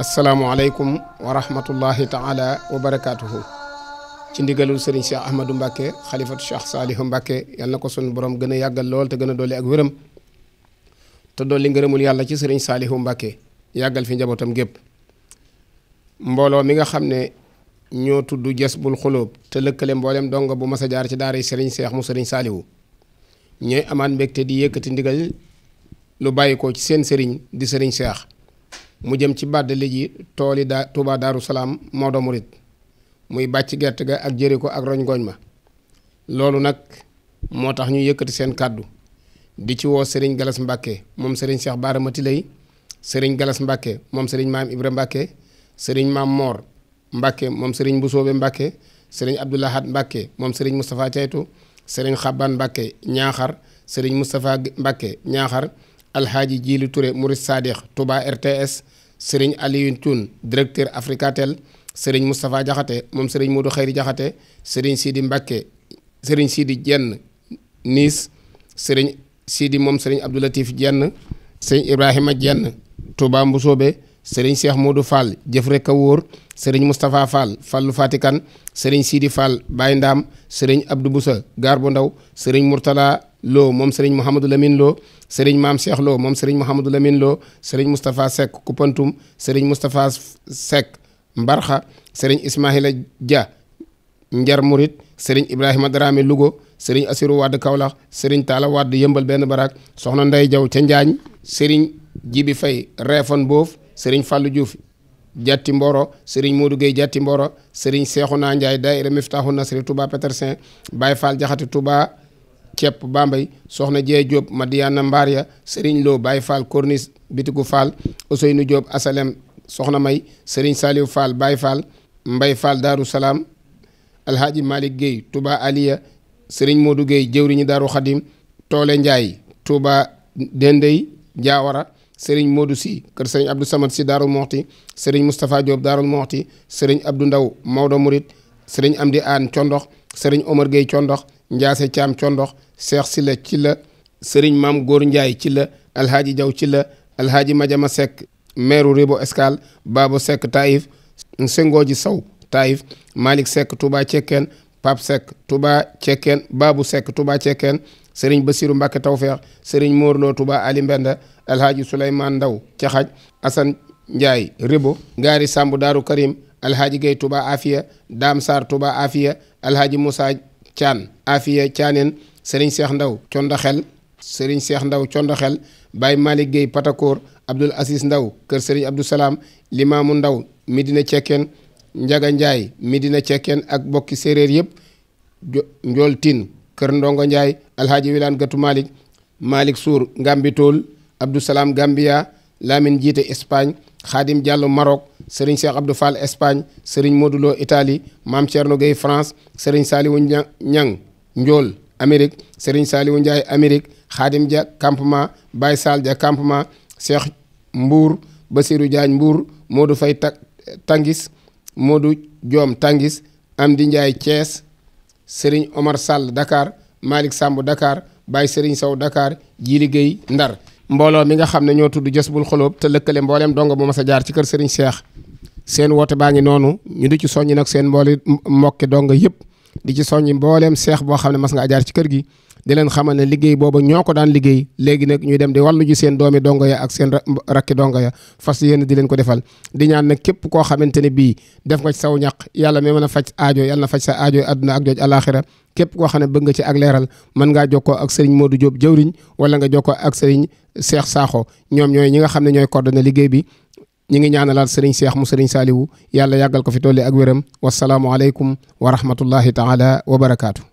asalaamualeykum wa rahmatullahi taala wa barakaatuhu ci ndigalul sëriñ Cheikh Ahmadou Mbacke xalifatu Cheikh Saalihu Mbacke yal na ko sunu borom gën a yàggal lool te gën a dolli ak wéram te dolli ngërëmul yàlla ci sëriñ Saalihu Mbacke yàggal fi njabootam gépp mbooloo mi nga xam ne ñoo tudd Jazbul Xuloob te lëkkale mboolem dongo bu mas a jaar ci daara sëriñ Cheikh mu sëriñ Saalihu ñooy amaat mbégte di yëkkati ndigal lu bàyyi ko ci seen sëriñ di sëriñ Seex mu jëm ci bàddali ji tool yi daa Touba Darou Salaam Maodo rit muy bàcc gerte ga ak jëri ko ak roñ gooñ ma loolu nag moo tax ñu yëkkati seen kàddu di ci woo sëriñ Galas Mbàkke moom sëriñ Seex Baara Mati lay sëriñ Galas Mbàkke moom sëriñ Maam ibre Mbàkke sëriñ Maam Moor Mbàkke moom sëriñ Busoobe Mbàkke sëriñ Abdoulahad Mbàkke moom sëriñ Moustapha Caytu sëriñ Xaban Mbacke ñaaxar sëriñ Moustapha Mbacke ñaaxar alhaaji Jiili Touré Murid Sadikh Touba RTS sëriñ Alioune Thioune directeur Africatel sëriñ Moustapha Jaxate moom sëriñ Modou Xayri Jaxate sëriñ Sidi Mbacke sëriñ Sidi Jenn Niis sëriñ Sidi moom sëriñ Abdoulatif Jenn sëriñ Ibrahima Jenn Touba Mbusoobe sëriñ Cheikh Modou Fall jëf rek a wóor sëriñ Moustapha Fall Fallu Fatikan sëriñ Sidi Fall Baye Ndaam sëriñ Abdou Boussa Gaar bu Ndaw sëriñ Mourtala Lo moom sëriñ Mouhamadou Lamine Lo sëriñ Maam Cheikh Lo moom sëriñ Mouhamadou Lamine Lo sëriñ Moustapha Seck Koupantoum sëriñ Moustapha Seck Mbarxa sëriñ Ismaïla Dia Njar Murit sëriñ Ibrahima Dramé Lugo sëriñ Assirou Wade Kaolack sëriñ Talla Wade yëmbal benn baraak soxna Ndey Jaw ca Njaañ sëriñ Jibi Fay Réfan Boof sëriñ Fallou Diouf jatti Mboro sëriñ Modou Gueye jatti Mboro sëriñ Cheikhouna Ndiaye daayira na Nasri Touba Petersen Baye Fall Jaxate Touba ceeb Bambey soxna Dieye Diop Madiana Mbaar ya sëriñ Lo Baye Fall Corniche Bitigu Fall Ousseynou Diop Asalem soxna May sëriñ Saliou Fall Baye Fall Mbay Fall Daaru Salaam Alhaji Malick Gueye Aliya sëriñ Modou Gueye jëwriñu Daaru Xadim Toole Ndiaye Touba Dendey Diawara sëriñ Modou Sy kër sëriñ Abdou Samad Sy Darou Moxti sëriñ Moustapha Diop Darou Moxti sëriñ Abdou Ndaw Maodo Murit sëriñ Amdi Aan Condox sëriñ Omar Gueye Condox Ndiasse Thiam Condox Cheikh Silla ci la sëriñ Maam Góor Ndiaye ci la Alhaaji Jaw ci la Alhaaji Majama Seck meeru Ribo Escale Babo Seck Taïf Sengoji Sow Taïf Malick Seck Touba Cekkeen Pape Seck Touba Cekkeen Babou Seck Touba Cekkeen sëriñ Bassirou Mbacke Tawfeex sëriñ Mor Lo Touba Ali Mbenda alhaaji Souleymane Ndaw ca xaj Assane Ribo Ngaari Samb Daaru Karim alhaaji Gueye Touba Afia Dame Sarr Touba Afia alhaaji Moussa Thian Afia sëriñ Seex Ndaw Condaxel sëriñ Seex Ndaw Condaxel Baye Malick Gueye Patakoor Abdoul Aziz Ndaw kër sëriñ Abdou Limaamu Ndaw Medina Cekkeen Njaga Ndiaye Medina Cekkeen ak bokki séeréer yëpp Njool Tine kër Ndongo Ndiaye Alhaji Wilane Gatou Malick Malick Sour Ngambi Tool Abdou Salam Gambia Lamine Jiite Espagne Khadim Diallo Maroc Serigne Cheikh Abdou Fall Espagne Serigne Modou Lo Italie Mame Thierno Gueye France Serigne Saliou Niang Njool Amérique Serigne Saliou Ndiaye Amérique Khadim Dia campement Baye Sall Dia campement Cheikh Mbour Basirou Diagne Mbour Modou Faye Tangis Modou Diom Tangis Amdi Ndiaye Thiès Serigne Omar Sall Dakar Malick Samb dakaar bàyyi Serigne Sow dakaar Djili Gueye Ndar. mbooloo mi nga xam ne ñoo tudd bul Xuloob te lëkkale mbooleem dongo bu mas a jaar ci kër Serigne Cheikh seen woote baa ngi noonu ñu di ci soññi nag seen mbooli mokki dongo yëpp di ci soññi mbooleem Cheikh boo xam ne mas nga jaar ci kër gi. di leen xamal ne liggéey booba ñoo ko daan liggéey léegi nag ñuy dem di wàllu ji seen doomi dongo ya ak seen rakki dongo ya fas yéen di leen ko defal di ñaan nag képp koo xamante ne bii def nga ci saw ñaq yàlla mi mën a faj aajo yàlla na faj sa aajo adduna ak jooj alaxira képp koo xam ne bëgg nga ci ak leeral mën ngaa jokkoo ak sëriñ Modou Diop jëwriñ wala nga jokkoo ak sëriñ Cheikh Sakho ñoom ñooy ñi nga xam ne ñooy coordonné liggéey bi ñi ngi ñaanalaat sëriñ Cheikh mu sëriñ Saliou yàlla yàggal ko fi tolli ak wéram wasalaamualeykum wa rahmatullahi taala wa barakaatu